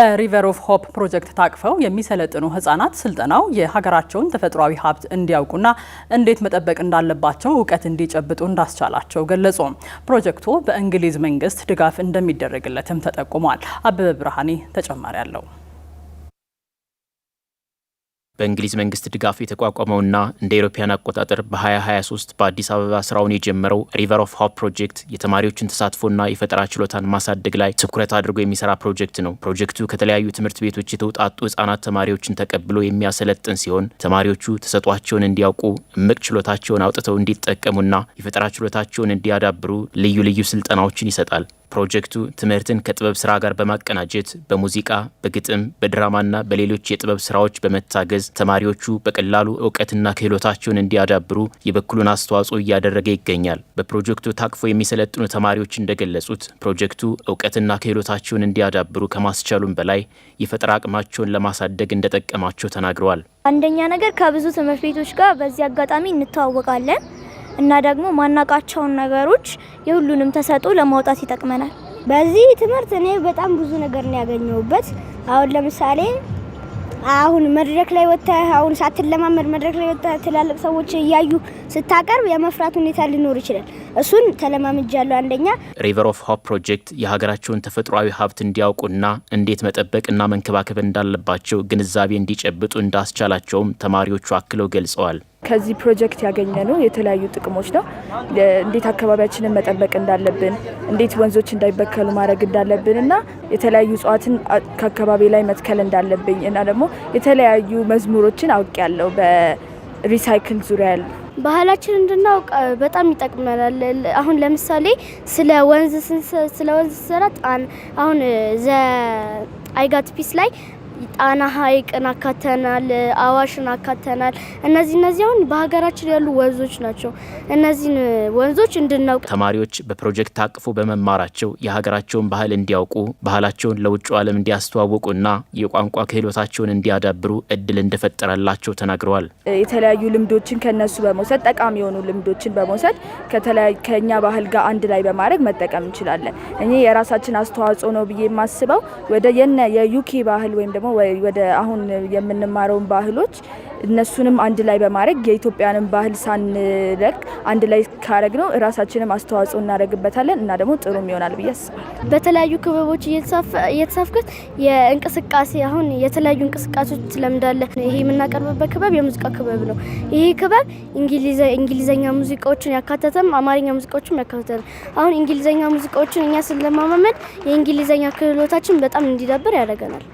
በሪቨር ኦፍ ሆፕ ፕሮጀክት ታቅፈው የሚሰለጥኑ ህጻናት ስልጠናው የሀገራቸውን ተፈጥሯዊ ሀብት እንዲያውቁና እንዴት መጠበቅ እንዳለባቸው እውቀት እንዲጨብጡ እንዳስቻላቸው ገለጹ። ፕሮጀክቱ በእንግሊዝ መንግስት ድጋፍ እንደሚደረግለትም ተጠቁሟል። አበበ ብርሃኔ ተጨማሪ አለው። በእንግሊዝ መንግስት ድጋፍ የተቋቋመውና እንደ አውሮፓውያን አቆጣጠር በ2023 በአዲስ አበባ ስራውን የጀመረው ሪቨር ኦፍ ሆፕ ፕሮጀክት የተማሪዎችን ተሳትፎና የፈጠራ ችሎታን ማሳደግ ላይ ትኩረት አድርጎ የሚሰራ ፕሮጀክት ነው። ፕሮጀክቱ ከተለያዩ ትምህርት ቤቶች የተውጣጡ ህጻናት ተማሪዎችን ተቀብሎ የሚያሰለጥን ሲሆን ተማሪዎቹ ተሰጧቸውን እንዲያውቁ፣ እምቅ ችሎታቸውን አውጥተው እንዲጠቀሙና የፈጠራ ችሎታቸውን እንዲያዳብሩ ልዩ ልዩ ስልጠናዎችን ይሰጣል። ፕሮጀክቱ ትምህርትን ከጥበብ ስራ ጋር በማቀናጀት በሙዚቃ፣ በግጥም፣ በድራማና በሌሎች የጥበብ ስራዎች በመታገዝ ተማሪዎቹ በቀላሉ እውቀትና ክህሎታቸውን እንዲያዳብሩ የበኩሉን አስተዋጽኦ እያደረገ ይገኛል። በፕሮጀክቱ ታቅፎ የሚሰለጥኑ ተማሪዎች እንደገለጹት ፕሮጀክቱ እውቀትና ክህሎታቸውን እንዲያዳብሩ ከማስቻሉም በላይ የፈጠራ አቅማቸውን ለማሳደግ እንደጠቀማቸው ተናግረዋል። አንደኛ ነገር ከብዙ ትምህርት ቤቶች ጋር በዚህ አጋጣሚ እንተዋወቃለን። እና ደግሞ ማናቃቸውን ነገሮች የሁሉንም ተሰጥኦ ለማውጣት ይጠቅመናል። በዚህ ትምህርት እኔ በጣም ብዙ ነገር ነው ያገኘሁበት። አሁን ለምሳሌ አሁን መድረክ ላይ ወጥተህ አሁን ሳትለማመድ መድረክ ላይ ወጥተህ ትላልቅ ሰዎች እያዩ ስታቀርብ የመፍራት ሁኔታ ሊኖር ይችላል። እሱን ተለማምጃለሁ። አንደኛ ሪቨር ኦፍ ሆፕ ፕሮጀክት የሀገራቸውን ተፈጥሯዊ ሀብት እንዲያውቁና እንዴት መጠበቅና መንከባከብ እንዳለባቸው ግንዛቤ እንዲጨብጡ እንዳስቻላቸውም ተማሪዎቹ አክለው ገልጸዋል። ከዚህ ፕሮጀክት ያገኘ ነው የተለያዩ ጥቅሞች ነው። እንዴት አካባቢያችንን መጠበቅ እንዳለብን፣ እንዴት ወንዞች እንዳይበከሉ ማድረግ እንዳለብን እና የተለያዩ እጽዋትን ከአካባቢ ላይ መትከል እንዳለብኝ እና ደግሞ የተለያዩ መዝሙሮችን አውቅ ያለው በሪሳይክል ዙሪያ ያለ ባህላችን እንድናውቅ በጣም ይጠቅመናል። አሁን ለምሳሌ ስለ ወንዝ ስለ ወንዝ አሁን ዘ አይጋት ፒስ ላይ ጣና ሐይቅን አካተናል፣ አዋሽን አካተናል። እነዚህ እነዚህ አሁን በሀገራችን ያሉ ወንዞች ናቸው። እነዚህን ወንዞች እንድናውቅ ተማሪዎች በፕሮጀክት ታቅፎ በመማራቸው የሀገራቸውን ባህል እንዲያውቁ፣ ባህላቸውን ለውጭ ዓለም እንዲያስተዋውቁና የቋንቋ ክህሎታቸውን እንዲያዳብሩ እድል እንደፈጠረላቸው ተናግረዋል። የተለያዩ ልምዶችን ከነሱ በመውሰድ ጠቃሚ የሆኑ ልምዶችን በመውሰድ ከኛ ባህል ጋር አንድ ላይ በማድረግ መጠቀም እንችላለን። እኔ የራሳችን አስተዋጽኦ ነው ብዬ የማስበው ወደ የነ የዩኬ ባህል ወይም ደግሞ ወደ አሁን የምንማረውን ባህሎች እነሱንም አንድ ላይ በማድረግ የኢትዮጵያንን ባህል ሳንለቅ አንድ ላይ ካረግ ነው እራሳችንም አስተዋጽኦ እናደርግበታለን እና ደግሞ ጥሩም ይሆናል ብዬ አስባለሁ። በተለያዩ ክበቦች እየተሳፍኩት የእንቅስቃሴ አሁን የተለያዩ እንቅስቃሴዎች ትለምዳለ። ይሄ የምናቀርብበት ክበብ የሙዚቃ ክበብ ነው። ይሄ ክበብ እንግሊዘኛ ሙዚቃዎችን ያካተተም አማርኛ ሙዚቃዎችም ያካተተም። አሁን እንግሊዘኛ ሙዚቃዎችን እኛ ስለማመመድ የእንግሊዘኛ ክህሎታችን በጣም እንዲዳብር ያደርገናል።